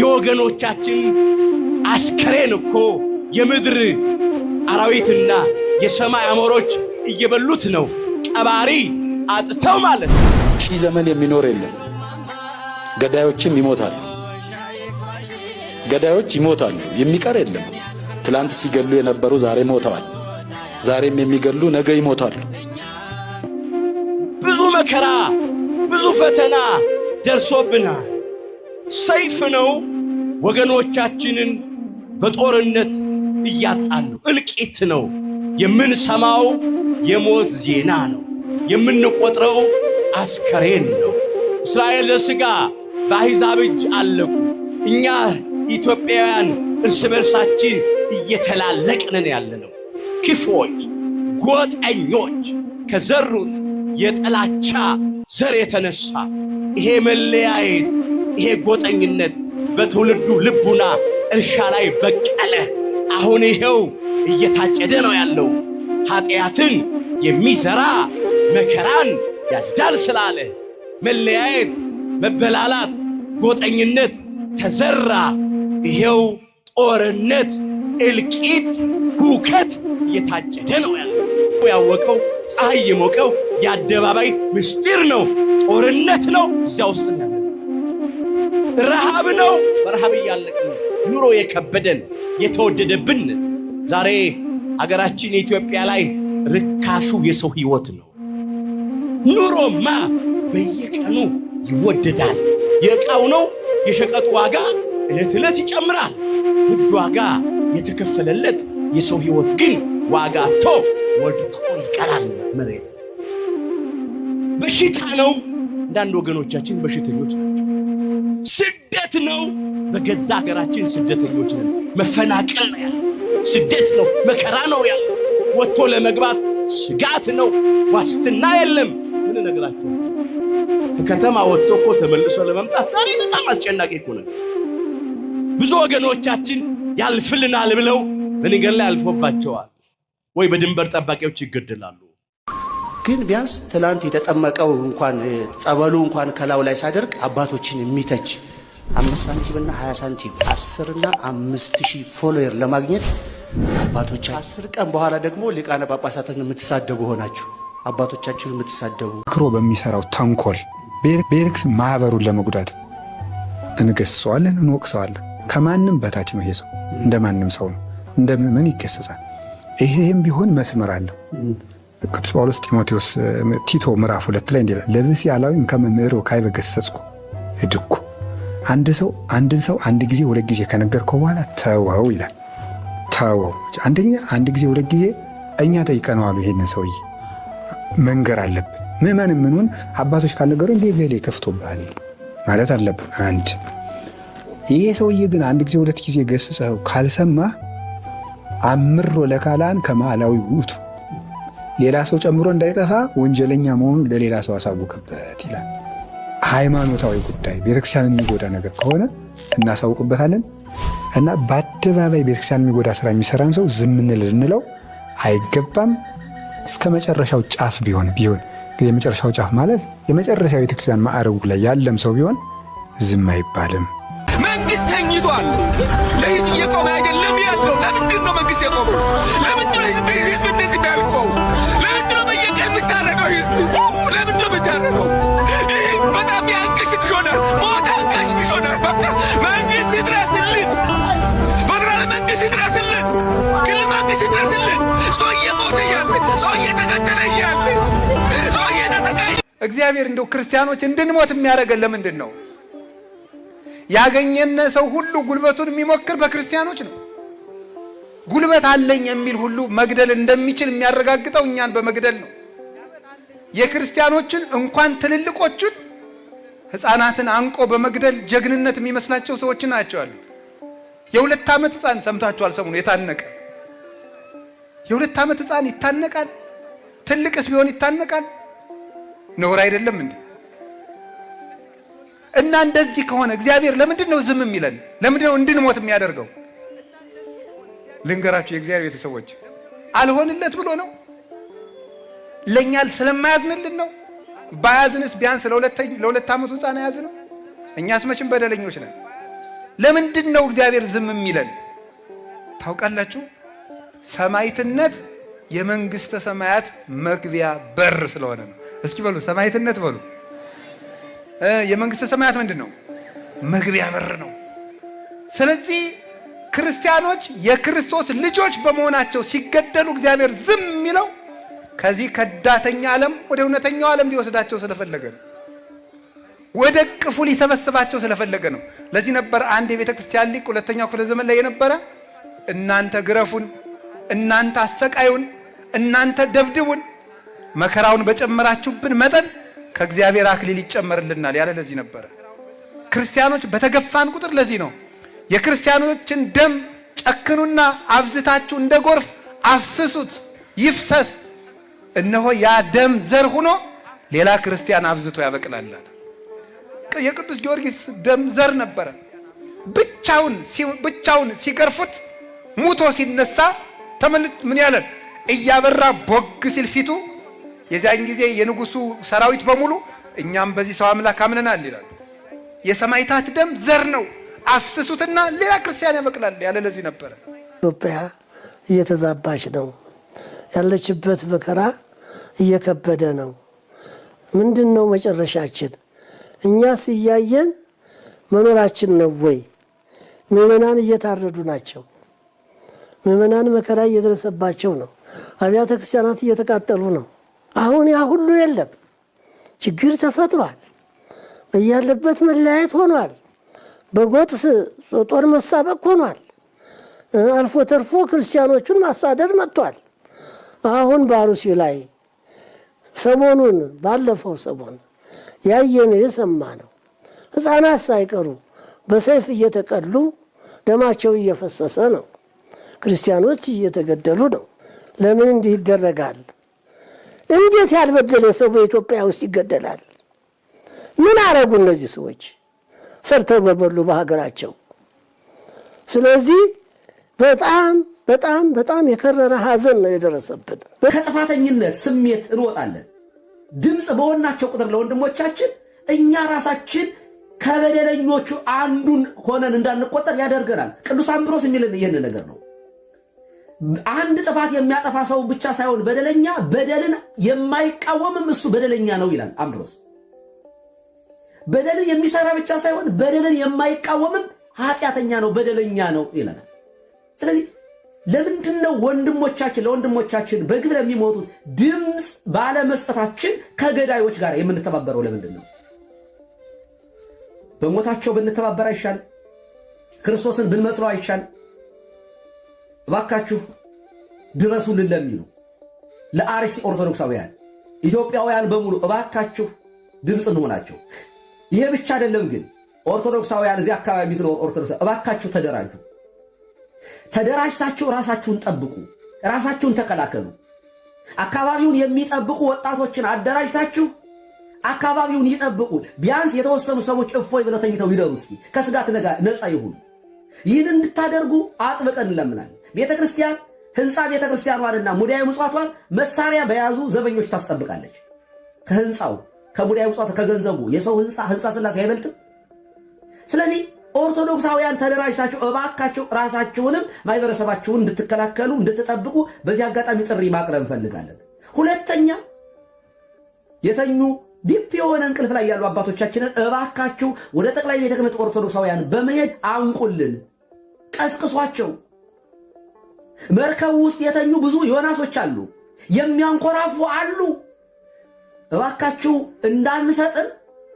የወገኖቻችን አስከሬን እኮ የምድር አራዊትና የሰማይ አሞሮች እየበሉት ነው። ቀባሪ አጥተው ማለት ሺህ ዘመን የሚኖር የለም። ገዳዮችም ይሞታሉ። ገዳዮች ይሞታሉ፣ የሚቀር የለም። ትላንት ሲገሉ የነበሩ ዛሬ ሞተዋል። ዛሬም የሚገሉ ነገ ይሞታሉ። ብዙ መከራ፣ ብዙ ፈተና ደርሶብናል። ሰይፍ ነው ወገኖቻችንን በጦርነት እያጣን ነው። እልቂት ነው የምንሰማው፣ የሞት ዜና ነው የምንቆጥረው፣ አስከሬን ነው። እስራኤል ዘሥጋ በአሕዛብ እጅ አለቁ። እኛ ኢትዮጵያውያን እርስ በርሳችን እየተላለቅንን ያለነው ክፎች፣ ጎጠኞች ከዘሩት የጥላቻ ዘር የተነሳ ይሄ መለያየት ይሄ ጎጠኝነት በትውልዱ ልቡና እርሻ ላይ በቀለ። አሁን ይሄው እየታጨደ ነው ያለው። ኃጢአትን የሚዘራ መከራን ያጭዳል ስላለ መለያየት፣ መበላላት፣ ጎጠኝነት ተዘራ። ይሄው ጦርነት፣ እልቂት፣ ሁከት እየታጨደ ነው ያለው። ያወቀው ፀሐይ የሞቀው የአደባባይ ምስጢር ነው፣ ጦርነት ነው። እዚያ ውስጥ ረሃብ ነው። በረሃብ እያለቅን ኑሮ የከበደን የተወደደብን ዛሬ አገራችን ኢትዮጵያ ላይ ርካሹ የሰው ህይወት ነው። ኑሮማ በየቀኑ ይወደዳል። የእቃው ነው የሸቀጡ ዋጋ ዕለት ዕለት ይጨምራል። ውድ ዋጋ የተከፈለለት የሰው ህይወት ግን ዋጋ አጥቶ ወድቆ ይቀራል መሬት በሽታ ነው። አንዳንድ ወገኖቻችን በሽተኞች ነው። ስደት ነው። በገዛ ሀገራችን ስደተኞች ነን። መፈናቀል ነው ያለ፣ ስደት ነው፣ መከራ ነው ያለ፣ ወጥቶ ለመግባት ስጋት ነው፣ ዋስትና የለም። ምን እነግራቸው ከከተማ ወጥቶ እኮ ተመልሶ ለመምጣት ዛሬ በጣም አስጨናቂ እኮ ነው። ብዙ ወገኖቻችን ያልፍልናል ብለው በነገር ላይ አልፎባቸዋል፣ ወይ በድንበር ጠባቂዎች ይገደላሉ። ግን ቢያንስ ትላንት የተጠመቀው እንኳን ጸበሉ እንኳን ከላው ላይ ሳደርግ አባቶችን የሚተች አምስት ሳንቲም እና ሀያ ሳንቲም አስር እና አምስት ሺህ ፎሎየር ለማግኘት አባቶቻ አስር ቀን በኋላ ደግሞ ሊቃነ ጳጳሳትን የምትሳደቡ ሆናችሁ አባቶቻችሁን የምትሳደቡ ክሮ በሚሰራው ተንኮል ቤልክ ማህበሩን ለመጉዳት እንገስሰዋለን፣ እንወቅሰዋለን። ከማንም በታች ነው ይሄ ሰው። እንደ ማንም ሰው ነው፣ እንደ ምዕመን ይገሰጻል። ይሄም ቢሆን መስመር አለው። ቅዱስ ጳውሎስ ጢሞቴዎስ ቲቶ ምዕራፍ ሁለት ላይ እንዲላል ለብስ ያላዊም ከመምህሩ ካይበገሰጽኩ ገሰጽኩ እድኩ አንድ ሰው አንድን ሰው አንድ ጊዜ ሁለት ጊዜ ከነገርከው በኋላ ተወው ይላል። ተወው አንደኛ አንድ ጊዜ ሁለት ጊዜ እኛ ጠይቀነዋሉ ይሄንን ሰውዬ መንገር አለብን። ምዕመንም ምንሆን አባቶች ካልነገሩ እንዲ ገሌ ከፍቶብሃል ማለት አለብን። አንድ ይሄ ሰውዬ ግን አንድ ጊዜ ሁለት ጊዜ ገስጸው ካልሰማ አምሮ ለካላን ከማላዊ ውቱ ሌላ ሰው ጨምሮ እንዳይጠፋ ወንጀለኛ መሆኑን ለሌላ ሰው አሳውቅበት ይላል። ሃይማኖታዊ ጉዳይ ቤተክርስቲያን የሚጎዳ ነገር ከሆነ እናሳውቅበታለን እና በአደባባይ ቤተክርስቲያን የሚጎዳ ስራ የሚሰራን ሰው ዝም ልንለው አይገባም። እስከ መጨረሻው ጫፍ ቢሆን ቢሆን የመጨረሻው ጫፍ ማለት የመጨረሻ ቤተክርስቲያን ማዕረጉ ላይ ያለም ሰው ቢሆን ዝም አይባልም። መንግስት ተኝቷል። ለህዝብ እየቆመ አይደለም ያለው። ለምንድን ነው መንግስት የቆመ? ለምንድ ህዝብ እንደዚህ ቢያልቆ? ለምንድ ነው በየቀ የምታረገው? ህዝብ ለምንድ ነው የምታረገው? ግሽት ይሆናል። በቃ መንግስት ይድረስልን፣ መንግስት ይድረስልን፣ ክልል መንግስት ይድረስልን። ሰው እየሞተ እያለ ሰው እየተገደለ እያለ ሰው እየተሰቃየ እግዚአብሔር እንደው ክርስቲያኖች እንድንሞት የሚያደርገን ለምንድን ነው? ያገኘነ ሰው ሁሉ ጉልበቱን የሚሞክር በክርስቲያኖች ነው። ጉልበት አለኝ የሚል ሁሉ መግደል እንደሚችል የሚያረጋግጠው እኛን በመግደል ነው። የክርስቲያኖችን እንኳን ትልልቆቹን ህፃናትን አንቆ በመግደል ጀግንነት የሚመስላቸው ሰዎች አያቸዋለሁ። የሁለት ዓመት ህፃን ሰምታችኋል? ሰሙን የታነቀ የሁለት ዓመት ህፃን ይታነቃል። ትልቅስ ቢሆን ይታነቃል። ነውር አይደለም እንዴ? እና እንደዚህ ከሆነ እግዚአብሔር ለምንድን ነው ዝም የሚለን? ለምንድን ነው እንድንሞት የሚያደርገው? ልንገራችሁ፣ የእግዚአብሔር ቤተሰቦች አልሆንለት ብሎ ነው። ለእኛ ስለማያዝንልን ነው። ባያዝንስ ቢያንስ ለሁለት ዓመቱ ህፃን ያዝ ነው። እኛስ መቼም በደለኞች ነን። ለምንድን ነው እግዚአብሔር ዝም የሚለን? ታውቃላችሁ? ሰማይትነት የመንግስተ ሰማያት መግቢያ በር ስለሆነ ነው። እስኪ በሉ ሰማይትነት በሉ። የመንግስተ ሰማያት ምንድን ነው? መግቢያ በር ነው። ስለዚህ ክርስቲያኖች የክርስቶስ ልጆች በመሆናቸው ሲገደሉ እግዚአብሔር ዝም የሚለው ከዚህ ከዳተኛ ዓለም ወደ እውነተኛው ዓለም ሊወስዳቸው ስለፈለገ ነው። ወደ ቅፉ ሊሰበስባቸው ስለፈለገ ነው። ለዚህ ነበር አንድ የቤተ ክርስቲያን ሊቅ ሁለተኛው ክፍለ ዘመን ላይ የነበረ እናንተ ግረፉን፣ እናንተ አሰቃዩን፣ እናንተ ደብድቡን፣ መከራውን በጨመራችሁብን መጠን ከእግዚአብሔር አክሊል ይጨመርልናል ያለ ለዚህ ነበረ። ክርስቲያኖች በተገፋን ቁጥር ለዚህ ነው የክርስቲያኖችን ደም ጨክኑና አብዝታችሁ እንደ ጎርፍ አፍስሱት ይፍሰስ እነሆ ያ ደም ዘር ሆኖ ሌላ ክርስቲያን አብዝቶ ያበቅላል። የቅዱስ ጊዮርጊስ ደም ዘር ነበረ። ብቻውን ብቻውን ሲገርፉት ሙቶ ሲነሳ ተመልጥ ምን ያለን እያበራ ቦግ ሲል ፊቱ የዚያን ጊዜ የንጉሱ ሰራዊት በሙሉ እኛም በዚህ ሰው አምላክ አምነናል ይላል። የሰማይታት ደም ዘር ነው፣ አፍስሱትና ሌላ ክርስቲያን ያበቅላል ያለ ለዚህ ነበረ። ኢትዮጵያ እየተዛባች ነው። ያለችበት መከራ እየከበደ ነው። ምንድን ነው መጨረሻችን? እኛስ እያየን መኖራችን ነው ወይ? ምዕመናን እየታረዱ ናቸው። ምዕመናን መከራ እየደረሰባቸው ነው። አብያተ ክርስቲያናት እየተቃጠሉ ነው። አሁን ያ ሁሉ የለም። ችግር ተፈጥሯል። በያለበት መለያየት ሆኗል። በጎጥስ ጦር መሳበቅ ሆኗል። አልፎ ተርፎ ክርስቲያኖቹን ማሳደድ መጥቷል። አሁን ባሩሲ ላይ ሰሞኑን ባለፈው ሰሞን የሰማ ነው። ህፃናት ሳይቀሩ በሰይፍ እየተቀሉ ደማቸው እየፈሰሰ ነው። ክርስቲያኖች እየተገደሉ ነው። ለምን እንዲህ ይደረጋል? እንዴት ያልበደለ ሰው በኢትዮጵያ ውስጥ ይገደላል? ምን አረጉ እነዚህ ሰዎች? ሰርተው በበሉ በሀገራቸው። ስለዚህ በጣም በጣም በጣም የከረረ ሐዘን ነው የደረሰብን። ከጥፋተኝነት ስሜት እንወጣለን። ድምፅ በሆናቸው ቁጥር ለወንድሞቻችን እኛ ራሳችን ከበደለኞቹ አንዱን ሆነን እንዳንቆጠር ያደርገናል። ቅዱስ አምብሮስ የሚል ይህን ነገር ነው። አንድ ጥፋት የሚያጠፋ ሰው ብቻ ሳይሆን በደለኛ በደልን የማይቃወምም እሱ በደለኛ ነው ይላል አምብሮስ። በደልን የሚሰራ ብቻ ሳይሆን በደልን የማይቃወምም ኃጢአተኛ ነው፣ በደለኛ ነው ይለናል። ስለዚህ ለምንድን ነው ወንድሞቻችን ለወንድሞቻችን በግብ ለሚሞቱት ድምፅ ባለመስጠታችን ከገዳዮች ጋር የምንተባበረው ለምንድን ነው? በሞታቸው ብንተባበር አይሻል? ክርስቶስን ብንመስለው አይሻል? እባካችሁ ድረሱልን ለሚሉ ለአርሲ ኦርቶዶክሳውያን ኢትዮጵያውያን በሙሉ እባካችሁ ድምፅ እንሆናቸው። ይሄ ብቻ አይደለም ግን ኦርቶዶክሳውያን እዚህ አካባቢ የሚትኖር ኦርቶዶክስ እባካችሁ ተደራጁ። ተደራጅታችሁ ራሳችሁን ጠብቁ፣ ራሳችሁን ተከላከሉ። አካባቢውን የሚጠብቁ ወጣቶችን አደራጅታችሁ አካባቢውን ይጠብቁ። ቢያንስ የተወሰኑ ሰዎች እፎይ ብለው ተኝተው ይደሩ፣ እስኪ ከስጋት ነፃ ይሁኑ። ይህን እንድታደርጉ አጥብቀን እንለምናለን። ቤተ ክርስቲያን ህንፃ ቤተ ክርስቲያኗንና ሙዳየ ምጽዋቷን መሳሪያ በያዙ ዘበኞች ታስጠብቃለች። ከህንፃው ከሙዳየ ምጽዋቱ ከገንዘቡ የሰው ህንፃ ህንፃ ስላሴ አይበልጥም። ስለዚህ ኦርቶዶክሳውያን ተደራጅታችሁ እባካችሁ ራሳችሁንም ማህበረሰባችሁን እንድትከላከሉ እንድትጠብቁ በዚህ አጋጣሚ ጥሪ ማቅረብ እንፈልጋለን። ሁለተኛ የተኙ ዲፕ የሆነ እንቅልፍ ላይ ያሉ አባቶቻችንን እባካችሁ ወደ ጠቅላይ ቤተ ክህነት ኦርቶዶክሳውያን በመሄድ አንቁልን፣ ቀስቅሷቸው። መርከብ ውስጥ የተኙ ብዙ ዮናሶች አሉ፣ የሚያንኮራፉ አሉ። እባካችሁ እንዳንሰጥን፣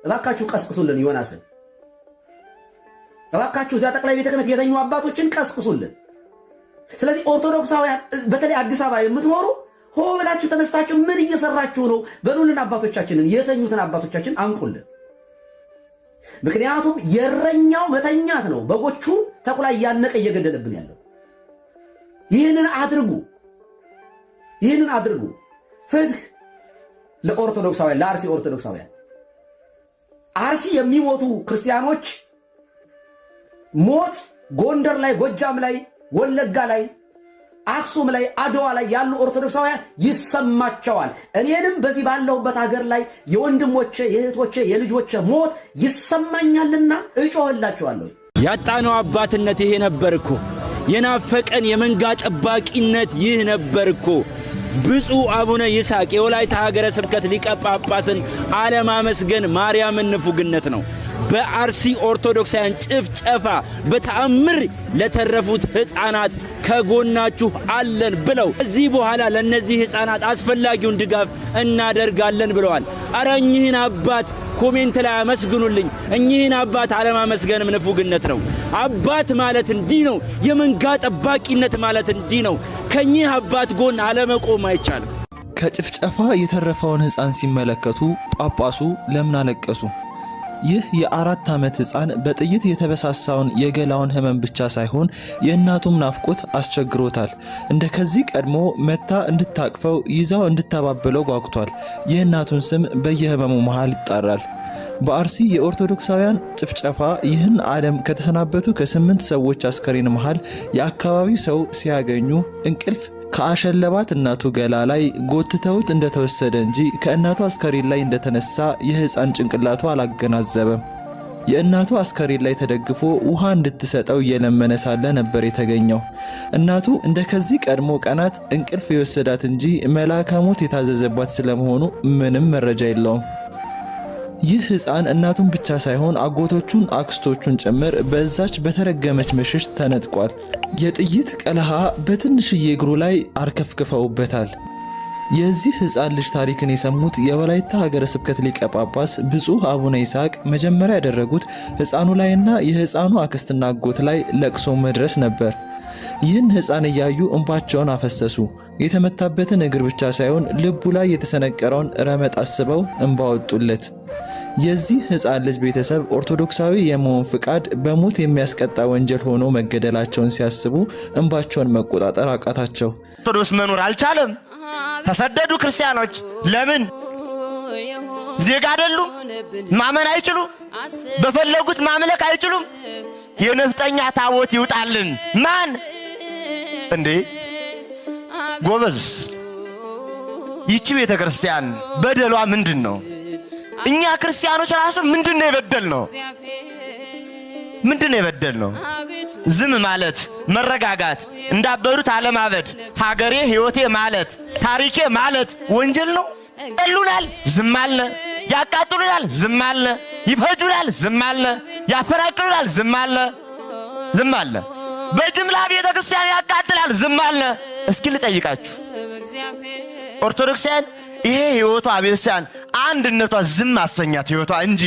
እባካችሁ ቀስቅሱልን ዮናስን። እባካችሁ እዚያ ጠቅላይ ቤተ ክህነት የተኙ አባቶችን ቀስቅሱልን። ስለዚህ ኦርቶዶክሳውያን በተለይ አዲስ አበባ የምትኖሩ ሆ ብላችሁ ተነስታችሁ ምን እየሰራችሁ ነው በሉልን። አባቶቻችንን የተኙትን አባቶቻችን አንቁልን። ምክንያቱም የረኛው መተኛት ነው። በጎቹ ተኩላ እያነቀ እየገደለብን ያለው ይህንን አድርጉ፣ ይህንን አድርጉ። ፍትህ ለኦርቶዶክሳውያን፣ ለአርሲ ኦርቶዶክሳውያን አርሲ የሚሞቱ ክርስቲያኖች ሞት ጎንደር ላይ፣ ጎጃም ላይ፣ ወለጋ ላይ፣ አክሱም ላይ፣ አድዋ ላይ ያሉ ኦርቶዶክሳውያን ይሰማቸዋል። እኔንም በዚህ ባለሁበት ሀገር ላይ የወንድሞቼ የእህቶቼ የልጆቼ ሞት ይሰማኛልና እጮህላቸዋለሁ። ያጣነው አባትነት ይሄ ነበር እኮ የናፈቀን የመንጋ ጠባቂነት ይህ ነበር እኮ። ብፁዕ አቡነ ይስሐቅ የወላይታ ሀገረ ስብከት ሊቀ ጳጳስን አለማመስገን ማርያምን ንፉግነት ነው። በአርሲ ኦርቶዶክሳውያን ጭፍጨፋ በተአምር ለተረፉት ህፃናት ከጎናችሁ አለን ብለው ከዚህ በኋላ ለነዚህ ህፃናት አስፈላጊውን ድጋፍ እናደርጋለን ብለዋል። አረ እኚህን አባት ኮሜንት ላይ አመስግኑልኝ። እኚህን አባት አለማመስገንም ንፉግነት ነው። አባት ማለት እንዲህ ነው። የመንጋ ጠባቂነት ማለት እንዲህ ነው። ከኚህ አባት ጎን አለመቆም አይቻልም። ከጭፍጨፋ የተረፈውን ህፃን ሲመለከቱ ጳጳሱ ለምን አለቀሱ? ይህ የአራት ዓመት ህፃን በጥይት የተበሳሳውን የገላውን ህመም ብቻ ሳይሆን የእናቱም ናፍቆት አስቸግሮታል። እንደ ከዚህ ቀድሞ መታ እንድታቅፈው ይዛው እንድታባብለው ጓጉቷል። የእናቱን ስም በየህመሙ መሃል ይጣራል። በአርሲ የኦርቶዶክሳውያን ጭፍጨፋ ይህን ዓለም ከተሰናበቱ ከስምንት ሰዎች አስከሬን መሃል የአካባቢው ሰው ሲያገኙ እንቅልፍ ከአሸለባት እናቱ ገላ ላይ ጎትተውት እንደተወሰደ እንጂ ከእናቱ አስከሬን ላይ እንደተነሳ የሕፃን ጭንቅላቱ አላገናዘበም። የእናቱ አስከሬን ላይ ተደግፎ ውሃ እንድትሰጠው እየለመነ ሳለ ነበር የተገኘው። እናቱ እንደ ከዚህ ቀድሞ ቀናት እንቅልፍ የወሰዳት እንጂ መልአከ ሞት የታዘዘባት ስለመሆኑ ምንም መረጃ የለውም። ይህ ሕፃን እናቱን ብቻ ሳይሆን አጎቶቹን፣ አክስቶቹን ጭምር በዛች በተረገመች ምሽት ተነጥቋል። የጥይት ቀለሃ በትንሽዬ እግሩ ላይ አርከፍክፈውበታል። የዚህ ሕፃን ልጅ ታሪክን የሰሙት የወላይታ ሀገረ ስብከት ሊቀ ጳጳስ ብፁዕ አቡነ ይስሐቅ መጀመሪያ ያደረጉት ሕፃኑ ላይና የሕፃኑ አክስትና አጎት ላይ ለቅሶ መድረስ ነበር። ይህን ሕፃን እያዩ እንባቸውን አፈሰሱ። የተመታበትን እግር ብቻ ሳይሆን ልቡ ላይ የተሰነቀረውን ረመጥ አስበው እንባ ወጡለት። የዚህ ህፃን ልጅ ቤተሰብ ኦርቶዶክሳዊ የመሆን ፍቃድ በሞት የሚያስቀጣ ወንጀል ሆኖ መገደላቸውን ሲያስቡ እንባቸውን መቆጣጠር አቃታቸው። ኦርቶዶክስ መኖር አልቻለም። ተሰደዱ። ክርስቲያኖች ለምን ዜጋ አይደሉም? ማመን አይችሉም። በፈለጉት ማምለክ አይችሉም። የነፍጠኛ ታቦት ይውጣልን። ማን እንዴ ጎበዝስ? ይቺ ቤተ ክርስቲያን በደሏ ምንድን ነው? እኛ ክርስቲያኖች ራሱ ምንድን ነው የበደል ነው? ምንድን ነው የበደል ነው? ዝም ማለት፣ መረጋጋት፣ እንዳበዱት አለማበድ፣ ሀገሬ ህይወቴ ማለት፣ ታሪኬ ማለት ወንጀል ነው። ጠሉናል፣ ዝም አለ። ያቃጥሉናል፣ ዝም አለ። ይፈጁናል፣ ዝም አለ። ያፈናቅሉናል፣ ዝም አለ። ዝም አለ። በጅምላ ቤተ ክርስቲያን ያቃጥላል፣ ዝም አለ። እስኪ ልጠይቃችሁ ኦርቶዶክሳውያን ይሄ ህይወቷ ቤተክርስቲያን አንድነቷ ዝም አሰኛት ህይወቷ እንጂ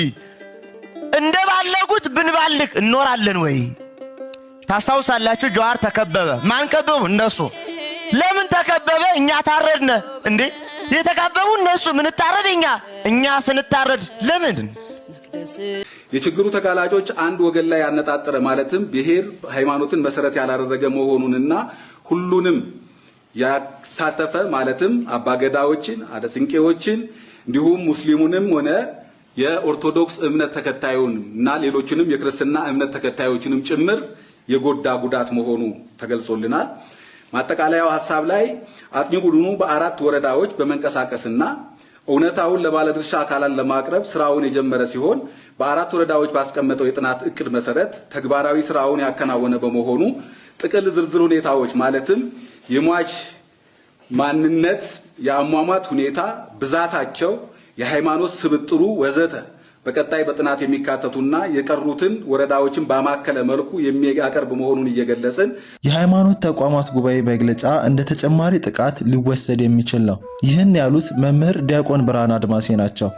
እንደ ባለጉት ብንባልቅ እንኖራለን ወይ? ታስታውሳላችሁ? ጀዋር ተከበበ። ማን ከበቡ? እነሱ። ለምን ተከበበ? እኛ ታረድነ እንዴ? የተከበቡ እነሱ፣ ምንታረድ እኛ። እኛ ስንታረድ ለምን? የችግሩ ተጋላጮች አንድ ወገን ላይ ያነጣጠረ ማለትም ብሔር ሃይማኖትን መሰረት ያላደረገ መሆኑንና ሁሉንም ያሳተፈ ማለትም አባገዳዎችን፣ አደስንቄዎችን እንዲሁም ሙስሊሙንም ሆነ የኦርቶዶክስ እምነት ተከታዩን እና ሌሎችንም የክርስትና እምነት ተከታዮችንም ጭምር የጎዳ ጉዳት መሆኑ ተገልጾልናል። ማጠቃለያው ሀሳብ ላይ አጥኚ ቡድኑ በአራት ወረዳዎች በመንቀሳቀስና እውነታውን ለባለድርሻ አካላት ለማቅረብ ስራውን የጀመረ ሲሆን በአራት ወረዳዎች ባስቀመጠው የጥናት እቅድ መሰረት ተግባራዊ ስራውን ያከናወነ በመሆኑ ጥቅል ዝርዝር ሁኔታዎች ማለትም የሟች ማንነት፣ የአሟሟት ሁኔታ፣ ብዛታቸው፣ የሃይማኖት ስብጥሩ ወዘተ በቀጣይ በጥናት የሚካተቱና የቀሩትን ወረዳዎችን በማከለ መልኩ የሚያቀርብ መሆኑን እየገለጽን የሃይማኖት ተቋማት ጉባኤ መግለጫ እንደ ተጨማሪ ጥቃት ሊወሰድ የሚችል ነው። ይህን ያሉት መምህር ዲያቆን ብርሃን አድማሴ ናቸው።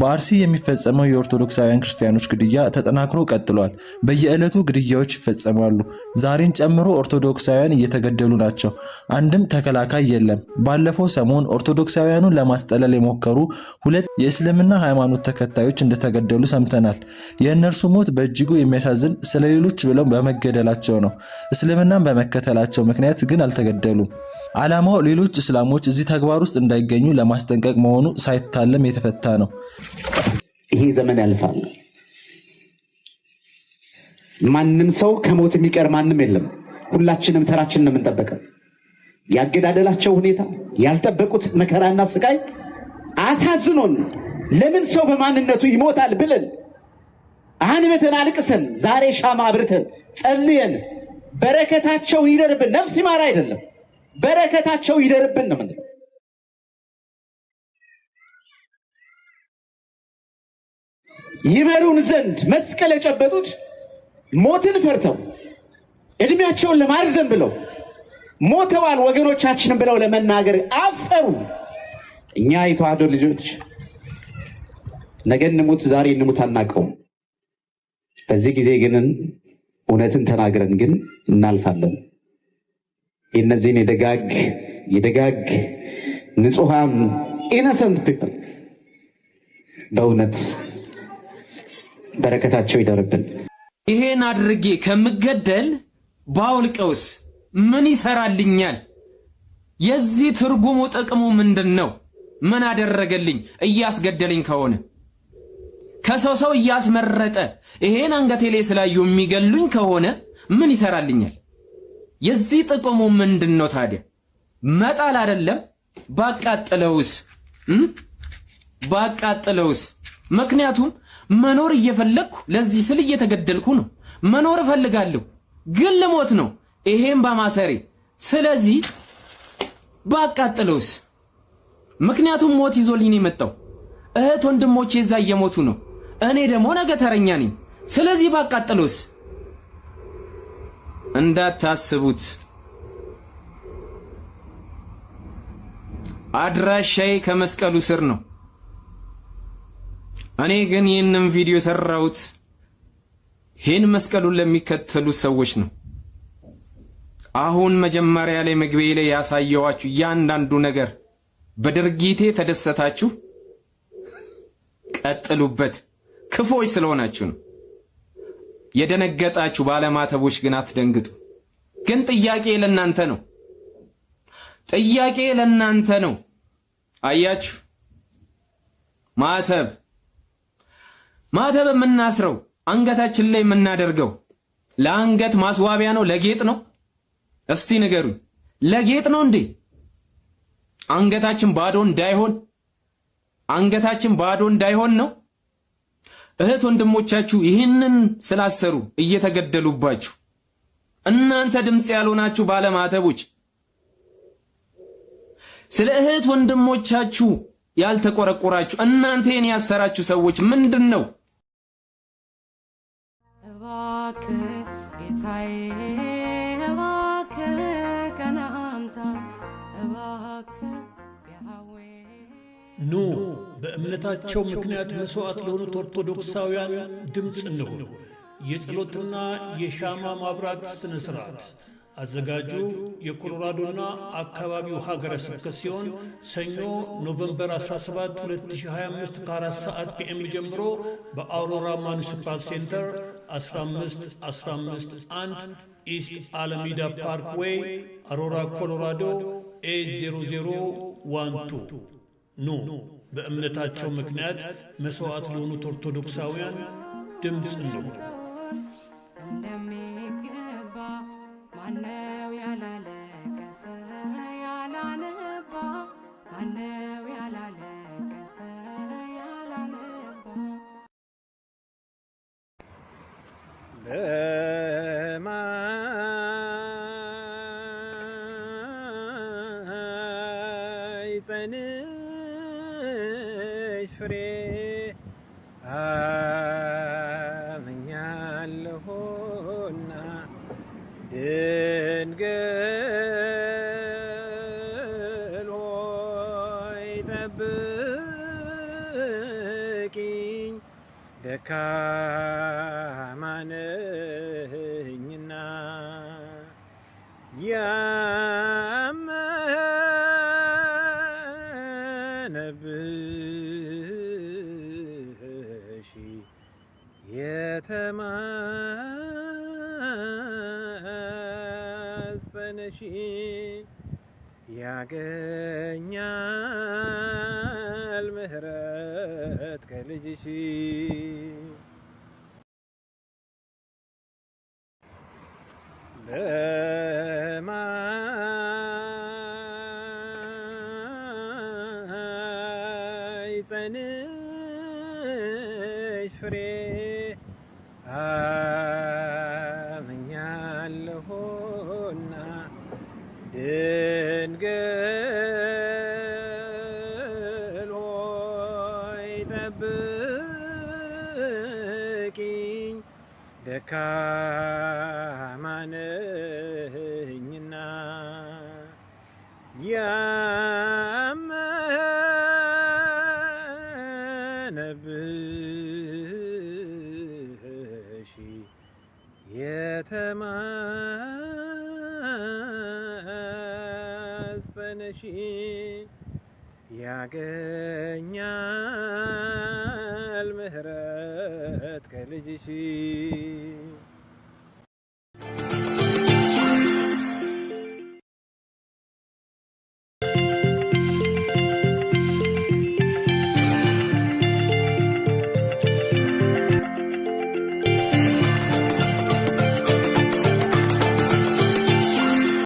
በአርሲ የሚፈጸመው የኦርቶዶክሳውያን ክርስቲያኖች ግድያ ተጠናክሮ ቀጥሏል። በየዕለቱ ግድያዎች ይፈጸማሉ። ዛሬን ጨምሮ ኦርቶዶክሳውያን እየተገደሉ ናቸው። አንድም ተከላካይ የለም። ባለፈው ሰሞን ኦርቶዶክሳውያኑን ለማስጠለል የሞከሩ ሁለት የእስልምና ሃይማኖት ተከታዮች እንደተገደሉ ሰምተናል። የእነርሱ ሞት በእጅጉ የሚያሳዝን ስለሌሎች ብለው በመገደላቸው ነው። እስልምናን በመከተላቸው ምክንያት ግን አልተገደሉም። ዓላማው ሌሎች እስላሞች እዚህ ተግባር ውስጥ እንዳይገኙ ለማስጠንቀቅ መሆኑ ሳይታለም የተፈታ ነው። ይሄ ዘመን ያልፋል። ማንም ሰው ከሞት የሚቀር ማንም የለም። ሁላችንም ተራችን ነው የምንጠበቀው። ያገዳደላቸው ሁኔታ፣ ያልጠበቁት መከራና ስቃይ አሳዝኖን ለምን ሰው በማንነቱ ይሞታል ብለን አንብተን አልቅሰን ዛሬ ሻማ አብርተን ጸልየን በረከታቸው ይደርብን ነፍስ ይማር አይደለም በረከታቸው ይደርብን ነው የምንለው። ይመሩን ዘንድ መስቀል የጨበጡት ሞትን ፈርተው እድሜያቸውን ለማርዘን ብለው ሞተዋል ወገኖቻችንን ብለው ለመናገር አፈሩ። እኛ የተዋህዶ ልጆች ነገ እንሙት ዛሬ እንሙት አናውቀውም። በዚህ ጊዜ ግን እውነትን ተናግረን ግን እናልፋለን። የእነዚህን የደጋግ የደጋግ ንጹሐን ኢነሰንት ፒፕል በእውነት በረከታቸው ይደርብን። ይሄን አድርጌ ከምገደል ባውልቀውስ ምን ይሰራልኛል? የዚህ ትርጉሙ ጥቅሙ ምንድን ነው? ምን አደረገልኝ? እያስገደለኝ ከሆነ ከሰው ሰው እያስመረጠ ይሄን አንገቴ ላይ ስላዩ የሚገሉኝ ከሆነ ምን ይሰራልኛል? የዚህ ጥቅሙ ምንድን ነው ታዲያ? መጣል አይደለም። ባቃጠለውስ ባቃጠለውስ። ምክንያቱም መኖር እየፈለግኩ ለዚህ ስል እየተገደልኩ ነው። መኖር እፈልጋለሁ ግን ልሞት ነው፣ ይሄም በማሰሬ ስለዚህ ባቃጥለውስ? ምክንያቱም ሞት ይዞልኝ የመጣው። እህት ወንድሞቼ እዛ እየሞቱ ነው፣ እኔ ደግሞ ነገ ተረኛ ነኝ። ስለዚህ ባቃጥለውስ እንዳታስቡት። አድራሻዬ ከመስቀሉ ስር ነው። እኔ ግን ይህንን ቪዲዮ ሰራሁት ይህን መስቀሉን ለሚከተሉት ሰዎች ነው። አሁን መጀመሪያ ላይ መግቤ ላይ ያሳየዋችሁ እያንዳንዱ ነገር በድርጊቴ ተደሰታችሁ፣ ቀጥሉበት። ክፎች ስለሆናችሁ ነው። የደነገጣችሁ ባለማተቦች ግን አትደንግጡ። ግን ጥያቄ ለእናንተ ነው። ጥያቄ ለእናንተ ነው። አያችሁ፣ ማተብ ማተብ የምናስረው አንገታችን ላይ የምናደርገው ለአንገት ማስዋቢያ ነው፣ ለጌጥ ነው። እስቲ ንገሩ፣ ለጌጥ ነው እንዴ? አንገታችን ባዶ እንዳይሆን አንገታችን ባዶ እንዳይሆን ነው። እህት ወንድሞቻችሁ ይህንን ስላሰሩ እየተገደሉባችሁ እናንተ ድምፅ ያልሆናችሁ ባለማተቦች ስለ እህት ወንድሞቻችሁ ያልተቆረቆራችሁ እናንተ ይህን ያሰራችሁ ሰዎች ምንድን ነው? እባክህ ጌታዬ፣ እባክህ ኑ በእምነታቸው ምክንያት መሥዋዕት ለሆኑት ኦርቶዶክሳውያን ድምፅ እንሁን። የጸሎትና የሻማ ማብራት ሥነ ሥርዓት አዘጋጁ የኮሎራዶና አካባቢው ሀገረ ስብከት ሲሆን ሰኞ ኖቨምበር 17 2025 ከ4 ሰዓት ፒኤም ጀምሮ በአውሮራ ማኒሲፓል ሴንተር 15 15 1 ኢስት አለሚዳ ፓርክ ዌይ አሮራ ኮሎራዶ ኤ0012 ኑ በእምነታቸው ምክንያት መሥዋዕት ለሆኑት ኦርቶዶክሳውያን ድምፅ እንሁን። ድንግል ሆይ ጠብቂኝ ደካ ያገኛል ምህረት ከልጅሽ ጸንሽ ፍሬ ደካማ ነኝና ያመነብሽ የተማጸነሽ ያገኛል ምህረት ከልጅሽ